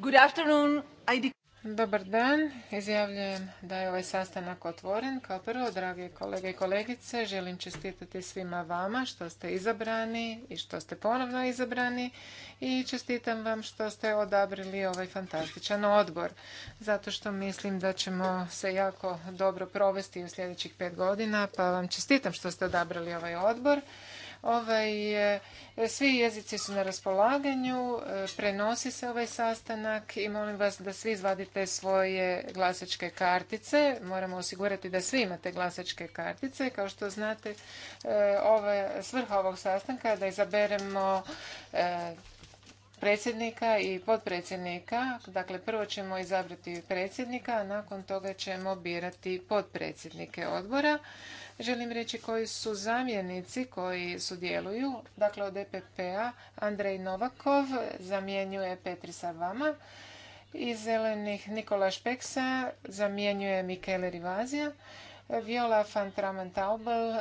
Good afternoon. Dobar dan, izjavljujem da je ovaj sastanak otvoren. Kao prvo, drage kolege i kolegice, želim čestitati svima vama što ste izabrani i što ste ponovno izabrani i čestitam vam što ste odabrili ovaj fantastičan odbor, zato što mislim da ćemo se jako dobro provesti u sljedećih pet godina, pa vam čestitam što ste odabrali ovaj odbor. Ovaj, e, svi jezici su na raspolaganju, e, prenosi se ovaj sastanak i molim vas da svi izvadite svoje glasačke kartice. Moramo osigurati da svi imate glasačke kartice. Kao što znate, e, svrha ovog sastanka je da izaberemo predsjednika i potpredsjednika. Dakle, prvo ćemo izabrati predsjednika, a nakon toga ćemo birati potpredsjednike odbora. Želim reći koji su zamjenici koji sudjeluju. Dakle, od EPP-a Andrej Novakov zamjenjuje Petrisa Vama. Iz zelenih Nikola Špeksa zamjenjuje Mikele Rivazija. Viola van Tramantaubel e,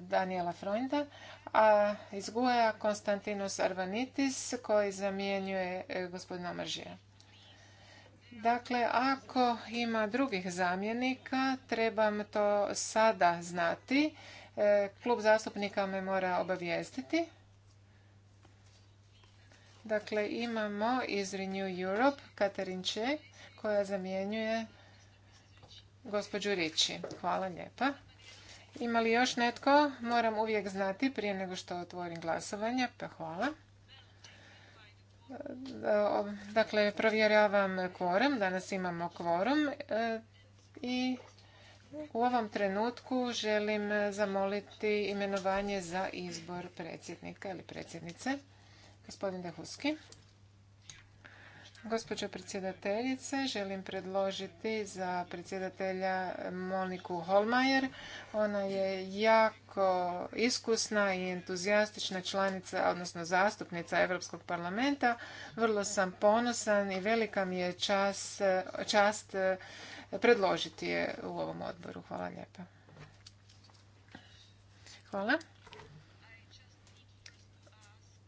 Daniela Freunda, a iz Guaja Konstantinos Arvanitis koji zamjenjuje e, gospodina Maržija. Dakle, ako ima drugih zamjenika, trebam to sada znati. E, Klub zastupnika me mora obavijestiti. Dakle, imamo iz Renew Europe Katarin Če, koja zamjenjuje gospođu Riči. Hvala lijepa. Ima li još netko? Moram uvijek znati prije nego što otvorim glasovanje, pa hvala. Dakle, provjeravam kvorum. Danas imamo kvorum e, i u ovom trenutku želim zamoliti imenovanje za izbor predsjednika ili predsjednice. Gospodin Dehuski. Gospođo predsjedateljice, želim predložiti za predsjedatelja Moniku Holmajer. Ona je jako iskusna i entuzijastična članica, odnosno zastupnica Europskog parlamenta. Vrlo sam ponosan i velika mi je čast, čast e, predložiti je u ovom odboru. Hvala lijepa. Hvala.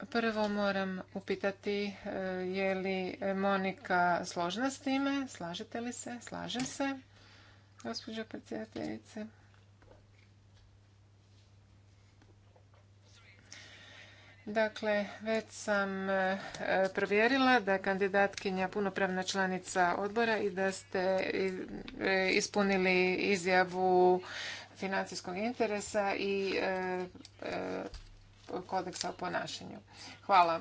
Prvo moram upitati e, je li Monika složna s time? Slažete li se? Slažem se, gospođo predsjedateljice. Dakle, već sam e, provjerila da je kandidatkinja punopravna članica odbora i da ste e, ispunili izjavu financijskog interesa i kodeksa o ponašanju. Hvala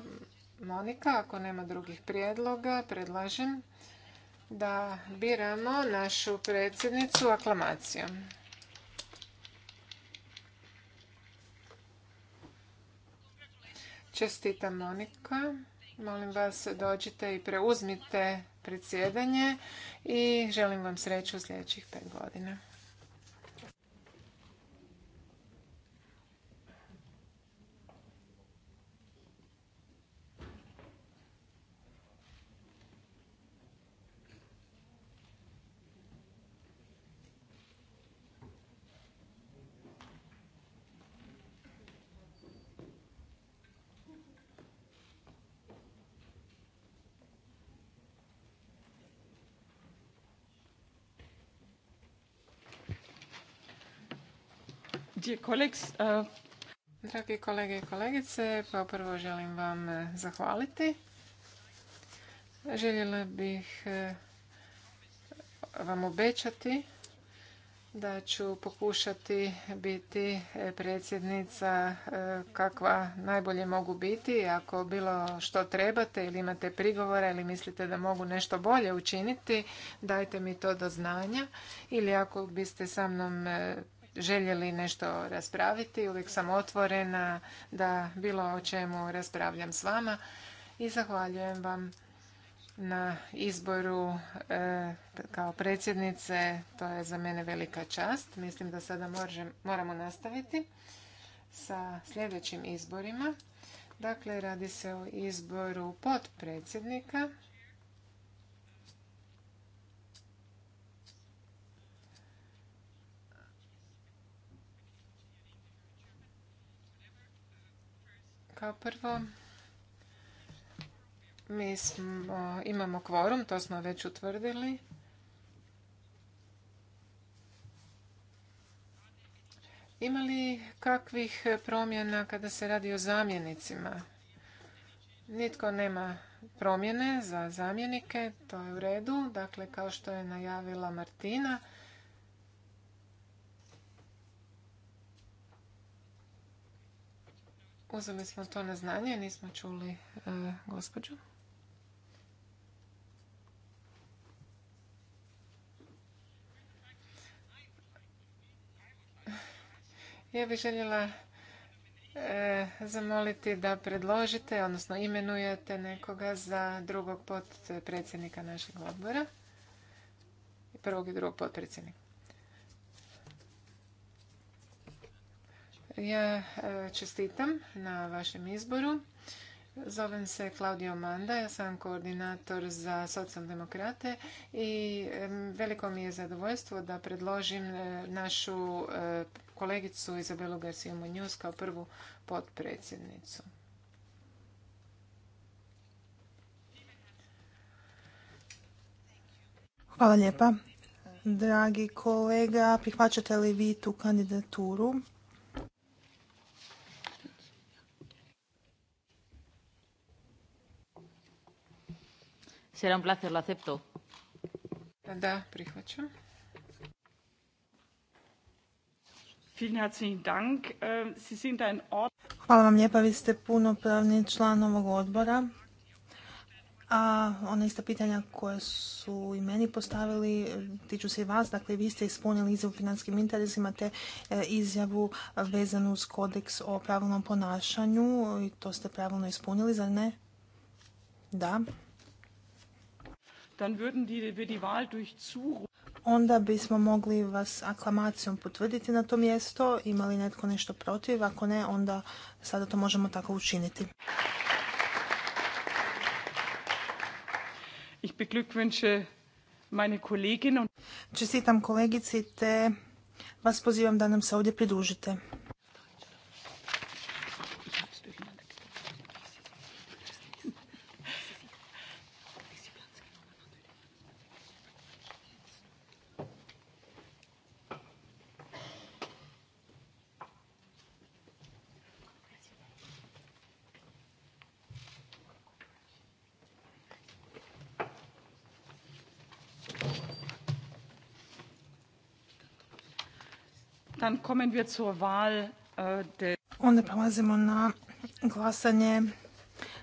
Monika. Ako nema drugih prijedloga, predlažem da biramo našu predsjednicu aklamacijom. Čestitam Monika. Molim vas dođite i preuzmite predsjedanje i želim vam sreću u sljedećih pet godina. Drage uh, Dragi kolege i kolegice, pa prvo želim vam eh, zahvaliti. Željela bih eh, vam obećati da ću pokušati biti eh, predsjednica kakva najbolje mogu biti. Ako bilo što trebate ili imate prigovora ili mislite da mogu nešto bolje učiniti, dajte mi to do znanja. Ili ako biste sa mnom željeli nešto raspraviti. Uvijek sam otvorena da bilo o čemu raspravljam s vama i zahvaljujem vam na izboru e, kao predsjednice. To je za mene velika čast. Mislim da sada moramo nastaviti sa sljedećim izborima. Dakle, radi se o izboru potpredsjednika Kao prvo, mi smo, imamo kvorum, to smo već utvrdili. Ima li kakvih promjena kada se radi o zamjenicima? Nitko nema promjene za zamjenike, to je u redu. Dakle, kao što je najavila Martina, Uzeli smo to na znanje, nismo čuli e, gospođu. Ja bih željela e, zamoliti da predložite, odnosno imenujete nekoga za drugog potpredsjednika našeg odbora. Prvog i drugog potpredsjednika. Ja e, čestitam na vašem izboru. Zovem se Claudio Manda, ja sam koordinator za socijaldemokrate i veliko mi je zadovoljstvo da predložim e, našu e, kolegicu Izabelu Garcia Munoz kao prvu potpredsjednicu. Hvala lijepa. Dragi kolega, prihvaćate li vi tu kandidaturu? Será un placer, lo acepto. Da, prihvaćam. Ähm, Hvala vam lijepa, vi ste punopravni član ovog odbora. A ona ista pitanja koje su i meni postavili tiču se i vas. Dakle, vi ste ispunili izjavu financijskim interesima te e, izjavu vezanu uz kodeks o pravilnom ponašanju i to ste pravilno ispunili, zar ne? Da dann würden die, wir die Wahl durch onda bismo mogli vas aklamacijom potvrditi na to mjesto. imali netko nešto protiv? Ako ne, onda sada to možemo tako učiniti. Ich beglückwünsche meine Čestitam kolegici te vas pozivam da nam se ovdje pridružite. Äh, Onda prelazimo na glasanje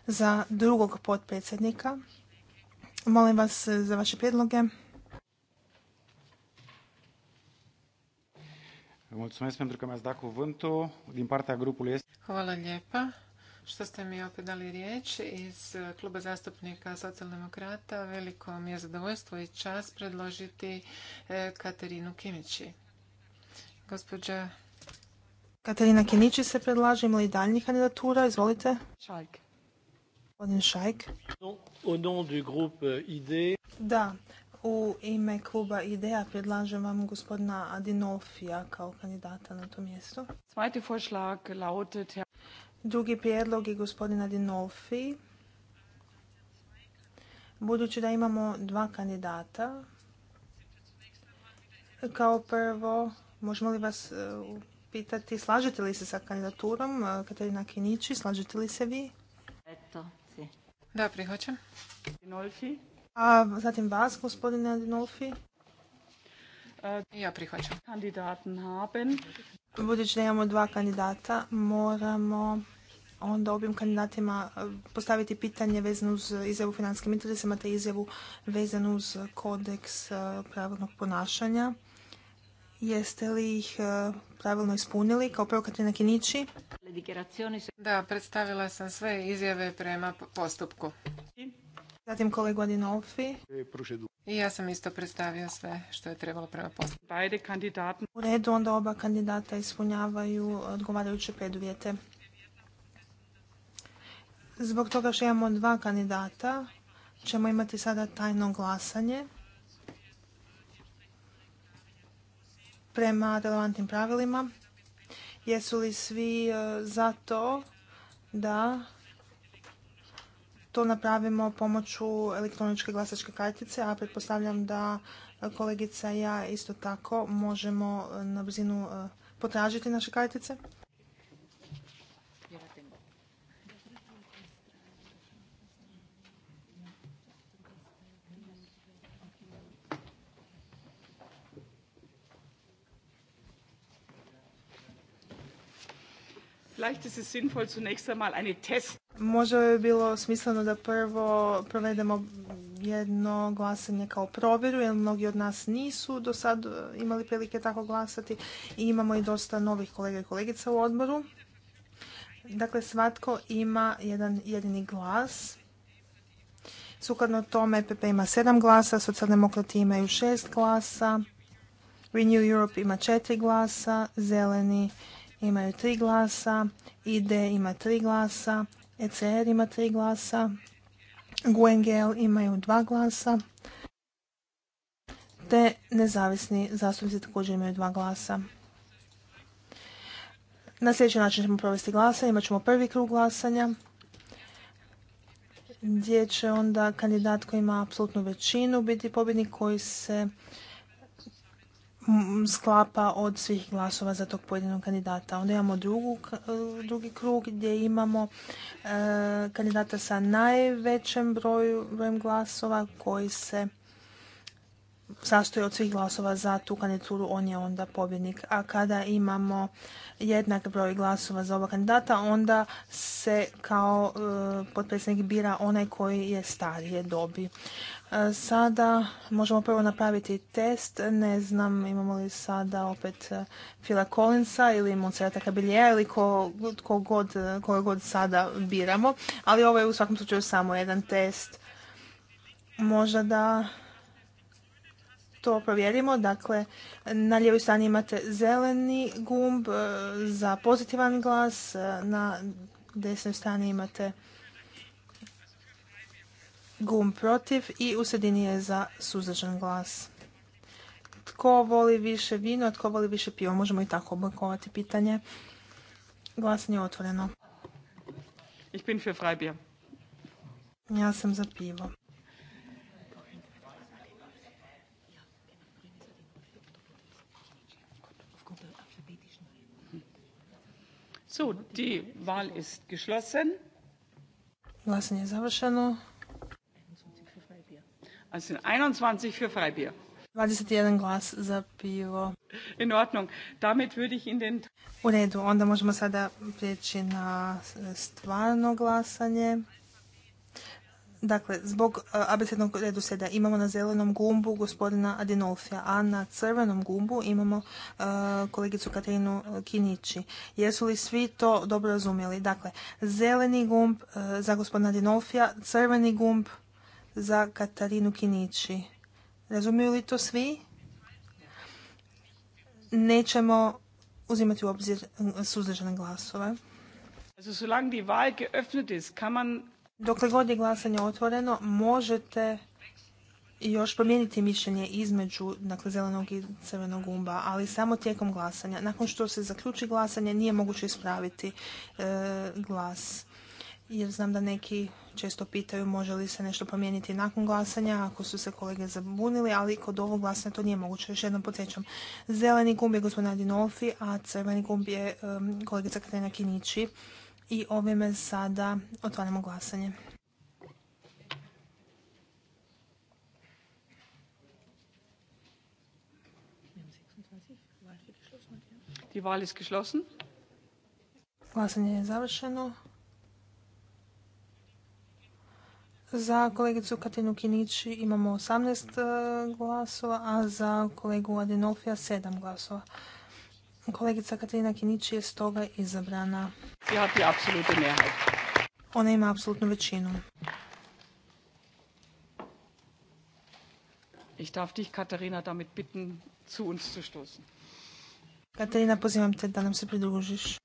za drugog potpredsjednika. Molim vas e, za vaše prijedloge. pentru că mi dat cuvântul. Hvala lijepa što ste mi opet dali riječ iz Kluba zastupnika socijaldemokrata. Veliko mi je zadovoljstvo i čas predložiti e, Katerinu Kimići. Gospođa Katarina Kinići se predlaže, ima li daljnjih kandidatura? Izvolite. Šajk. Gospodin Šajk. Da, u ime kluba IDEA predlažem vam gospodina Adinofija kao kandidata na to mjesto. Drugi prijedlog je gospodin Adinofij. Budući da imamo dva kandidata, kao prvo Možemo li vas e, pitati, slažete li se sa kandidaturom e, Katarina Kinići? Slažete li se vi? Eto, si. Da, prihvaćam. A zatim vas, gospodine Dinolfi. E, ja prihvaćam. Kandidaten haben. Budući da imamo dva kandidata, moramo onda obim kandidatima postaviti pitanje vezano uz izjavu financijskim interesima te izjavu vezanu uz kodeks pravilnog ponašanja. Jeste li ih e, pravilno ispunili? Kao prvo Katrina Kinići. Da, predstavila sam sve izjave prema postupku. Zatim kolegu Adinolfi. I ja sam isto predstavio sve što je trebalo prema postupku. U redu onda oba kandidata ispunjavaju odgovarajuće preduvjete. Zbog toga što imamo dva kandidata, ćemo imati sada tajno glasanje prema relevantnim pravilima. Jesu li svi e, za to da to napravimo pomoću elektroničke glasačke kartice, a pretpostavljam da e, kolegica i ja isto tako možemo e, na brzinu potražiti naše kartice. Možda bi bilo smisleno da prvo provedemo jedno glasanje kao provjeru, jer mnogi od nas nisu do sad e, imali prilike tako glasati i imamo i dosta novih kolega i kolegica u odboru. Dakle, svatko ima jedan jedini glas. Sukladno tome, PP e ima sedam glasa, socijaldemokrati imaju šest glasa, Renew Europe ima četiri glasa, zeleni imaju tri glasa, IDE ima tri glasa, ECR ima tri glasa, GUNGL imaju dva glasa, te nezavisni zastupnici također imaju dva glasa. Na sljedeći način ćemo provesti glasa, imat ćemo prvi krug glasanja, gdje će onda kandidat koji ima apsolutnu većinu biti pobjednik koji se sklapa od svih glasova za tog pojedinog kandidata. Onda imamo drugu, e, drugi krug gdje imamo e, kandidata sa najvećem broju, brojem glasova koji se sastoji od svih glasova za tu kandidaturu, on je onda pobjednik. A kada imamo jednak broj glasova za oba kandidata, onda se kao e, potpredsjednik bira onaj koji je starije dobi. E, sada možemo prvo napraviti test. Ne znam imamo li sada opet Fila e, Collinsa ili Monserrata Cabellera ili ko, god, god sada biramo. Ali ovo je u svakom slučaju samo jedan test. Možda da to provjerimo. Dakle, na lijevoj strani imate zeleni gumb e, za pozitivan glas, e, na desnoj strani imate gumb protiv i u sredini je za suzdržan glas. Tko voli više vino, a tko voli više pivo? Možemo i tako oblikovati pitanje. Glasanje je otvoreno. Ja sam za pivo. So, die ist geschlossen. Glasanje je završeno. Also 21 für Freibier. 21 glas za pivo. In Ordnung. Damit würde ich in den... U redu, onda možemo sada prijeći na e, stvarno glasanje. Dakle, zbog e, abecednog redoslijeda imamo na zelenom gumbu gospodina Adinolfija, a na crvenom gumbu imamo e, kolegicu Katarinu e, Kinići. Jesu li svi to dobro razumjeli? Dakle, zeleni gumb za gospodina Adinolfija, crveni gumb za Katarinu Kinići. Razumiju li to svi? Nećemo uzimati u obzir suzdržane glasove. die Wahl geöffnet ist, Dokle god je glasanje otvoreno, možete još promijeniti mišljenje između dakle, zelenog i crvenog gumba, ali samo tijekom glasanja. Nakon što se zaključi glasanje, nije moguće ispraviti e, glas. Jer znam da neki često pitaju može li se nešto promijeniti nakon glasanja, ako su se kolege zabunili, ali kod ovog glasanja to nije moguće. Još jednom podsjećam, zeleni gumb je gospodin Adinolfi, a crveni gumb je e, kolegica Katarina Kinići. I ovime sada otvaramo glasanje. Die Wahl ist geschlossen. Glasanje je završeno. Za kolegicu Katinu Kinići imamo 18 eh, glasova, a za kolegu Adinolfija 7 glasova. Kolegica Katarina kinić je stoga izabrana. Ona ima apsolutnu većinu. Ich darf dich, Katarina damit bitten, zu uns zu stoßen. Katarina, pozivam te da nam se pridružiš.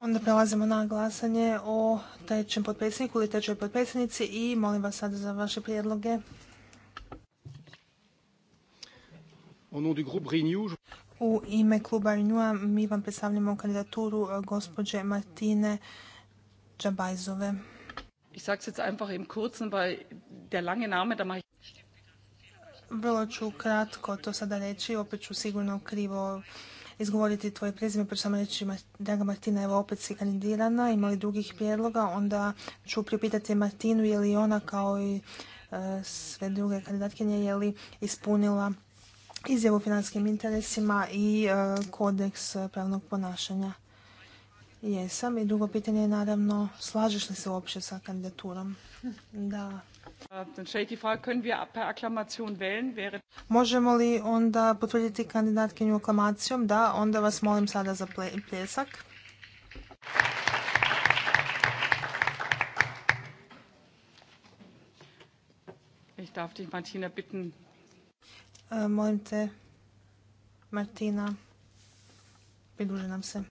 Onda prelazimo na glasanje o trećem potpredsjedniku ili trećoj potpredsjednici i molim vas sada za vaše prijedloge. U ime kluba Renewa mi vam predstavljamo kandidaturu eh, gospođe Martine Džabajzove. Ich sag's jetzt einfach im Kurzen, weil der lange Name, da vrlo ću kratko to sada reći, opet ću sigurno krivo izgovoriti tvoje prezime, pa ću samo reći, draga Martina, evo opet si kandidirana, ima li drugih prijedloga, onda ću pripitati Martinu je li ona kao i e, sve druge kandidatkinje je li ispunila izjavu o financijskim interesima i e, kodeks pravnog ponašanja. Jesam. I drugo pitanje je naravno, slažeš li se uopće sa kandidaturom? Da. Možemo li onda potvrditi kandidatkinju aklamacijom? Da, onda vas molim sada za pljesak. E, molim te, Martina, pridruži nam se.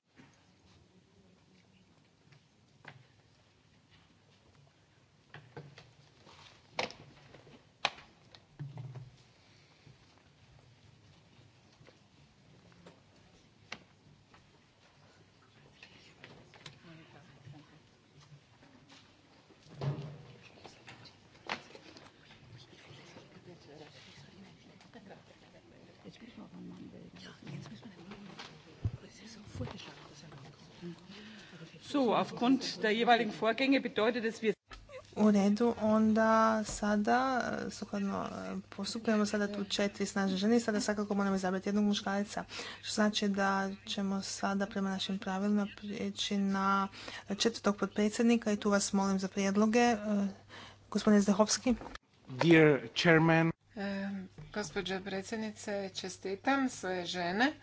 So, aufgrund der jeweiligen Vorgänge bedeutet es, wir u redu, onda sada, eh, sukladno eh, sada tu četiri snažne žene i sada svakako moramo izabrati jednog muškarca. Što znači da ćemo sada prema našim pravilima prijeći na četvrtog potpredsjednika i tu vas molim za prijedloge. Eh, Gospodine Zdehovski. Dear chairman. Gospođo predsjednice, čestitam svoje žene.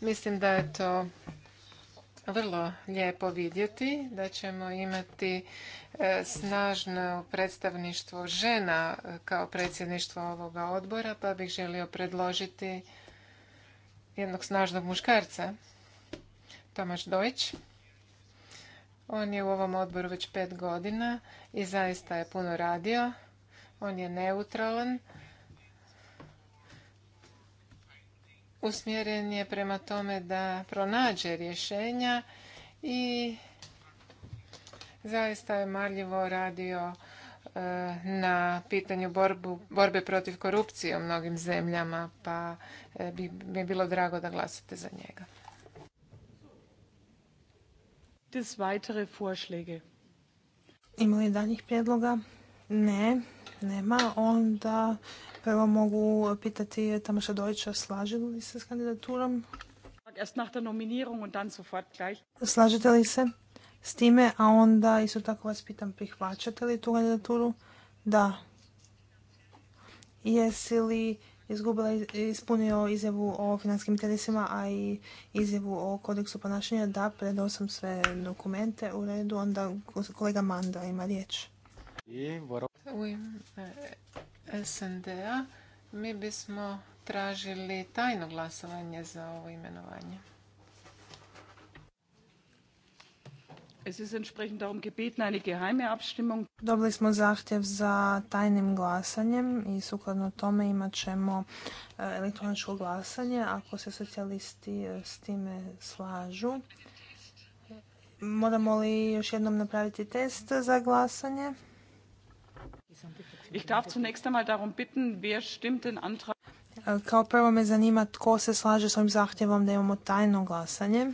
Mislim da je to vrlo lijepo vidjeti da ćemo imati e, snažno predstavništvo žena e, kao predsjedništvo ovoga odbora, pa bih želio predložiti jednog snažnog muškarca, Tomaš Dojč. On je u ovom odboru već pet godina i zaista je puno radio. On je neutralan, usmjeren je prema tome da pronađe rješenja i zaista je marljivo radio e, na pitanju borbu, borbe protiv korupcije u mnogim zemljama, pa e, bi mi bilo drago da glasate za njega. Des weitere Vorschläge. li daljih prijedloga? Ne nema, onda prvo mogu pitati Tamaša Dojča slaže li se s kandidaturom? Slažete li se s time, a onda isto tako vas pitam prihvaćate li tu kandidaturu? Da. Jesi li izgubila, ispunio izjavu o finanskim interesima, a i izjavu o kodeksu ponašanja? Da, predao sam sve dokumente u redu, onda kolega Manda ima riječ. U e, SND-a mi bismo tražili tajno glasovanje za ovo imenovanje. Dobili smo zahtjev za tajnim glasanjem i sukladno tome imat ćemo e, elektroničko glasanje ako se socijalisti e, s time slažu. Moramo li još jednom napraviti test za glasanje? Ich darf zunächst einmal darum bitten, wer stimmt den Antrag e, kao prvo me zanima tko se slaže s ovim zahtjevom da imamo tajno glasanje.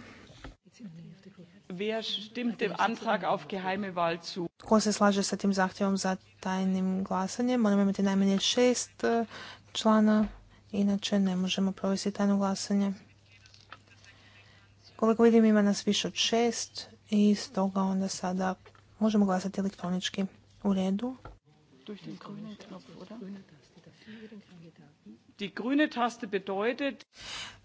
Tko se slaže sa tim zahtjevom za tajnim glasanjem? Moramo imati najmanje šest e, člana, inače ne možemo provesti tajno glasanje. Koliko vidim ima nas više od šest i stoga onda sada možemo glasati elektronički u redu durch den grünen Knopf, oder? Die grüne Taste bedeutet...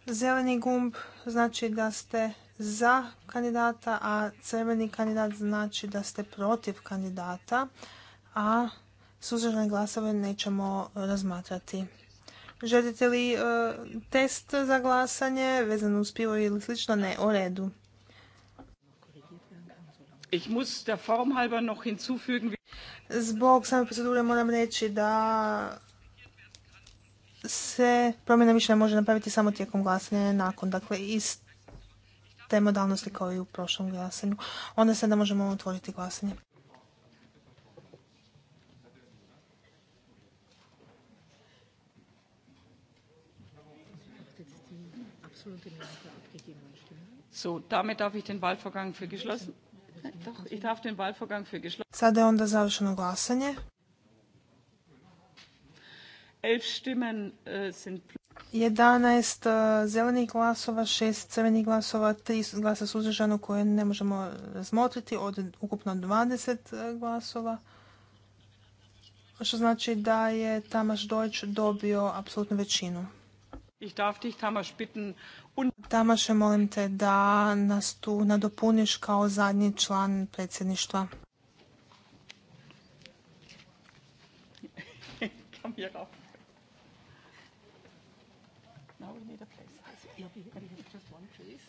Zeleni gumb znači da ste za kandidata, a crveni kandidat znači da ste protiv kandidata, a suzdržane glasove nećemo razmatrati. Želite li e, test za glasanje vezano uz pivo ili slično? Ne, o redu. Ich muss der Form halber noch hinzufügen, Zbog same procedure moram reći da se promjena mišljenja može napraviti samo tijekom glasanja nakon. Dakle, iz te modalnosti kao i u prošlom glasanju. Onda sada možemo otvoriti glasanje. So, damit darf ich den Wahlvorgang für geschlossen. Sada je onda završeno glasanje. 11 eh, eh, zelenih glasova, šest crvenih glasova, 3 glasa suzdržano koje ne možemo razmotriti od ukupno 20 eh, glasova. Što znači da je Tamaš Dojč dobio apsolutnu većinu. Ich darf dich, Tamaš, bitten. und... Tamaše, molim te da nas tu nadopuniš kao zadnji član predsjedništva. Kam je rauf. Now we need a place. Yeah, we have just one place.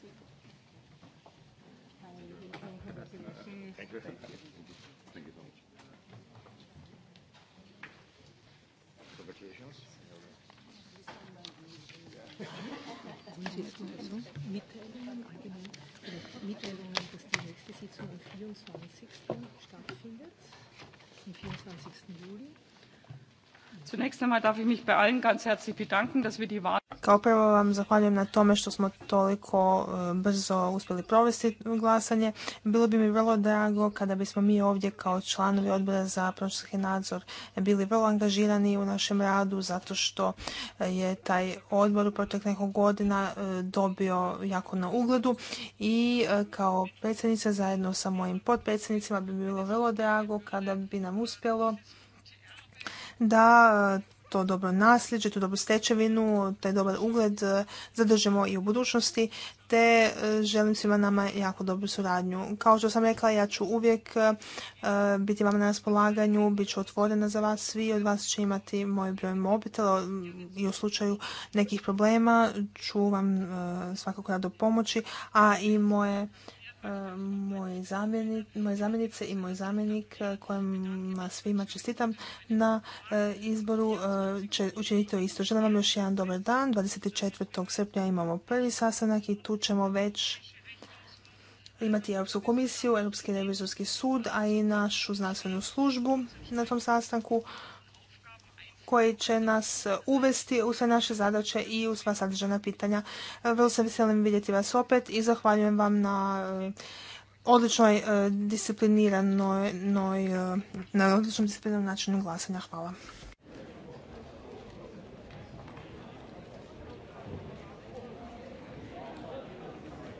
Thank you. Thank you. Thank you. Mitteilungen, dass die nächste Sitzung am 24. stattfindet, am 24. Juli. Zunächst einmal darf ich mich bei allen ganz herzlich bedanken, dass wir die Wahl kao prvo vam zahvaljujem na tome što smo toliko e, brzo uspjeli provesti glasanje. Bilo bi mi vrlo drago kada bismo mi ovdje kao članovi odbora za proračunski nadzor bili vrlo angažirani u našem radu zato što e, je taj odbor u protek nekog godina e, dobio jako na ugledu i kao predsjednica zajedno sa mojim potpredsjednicima bi bilo vrlo drago kada bi nam uspjelo da to dobro nasljeđe, tu dobru stečevinu, taj dobar ugled e, zadržimo i u budućnosti, te e, želim svima nama jako dobru suradnju. Kao što sam rekla, ja ću uvijek e, biti vam na raspolaganju, bit ću otvorena za vas, svi od vas će imati moj broj mobitela i u slučaju nekih problema ću vam svakako rado pomoći, a i moje moje, moje zamjenice i moj zamjenik e, kojima svima čestitam na e, izboru e, će učiniti isto. Želim vam još jedan dobar dan. 24. srpnja imamo prvi sastanak i tu ćemo već imati Europsku komisiju, Europski revizorski sud, a i našu znanstvenu službu na tom sastanku koji će nas uvesti u sve naše zadaće i u sva sadržana pitanja. E, vrlo se veselim vidjeti vas opet i zahvaljujem vam na e, odličnoj e, discipliniranoj, na odličnom disciplinarnom načinu glasanja. Hvala.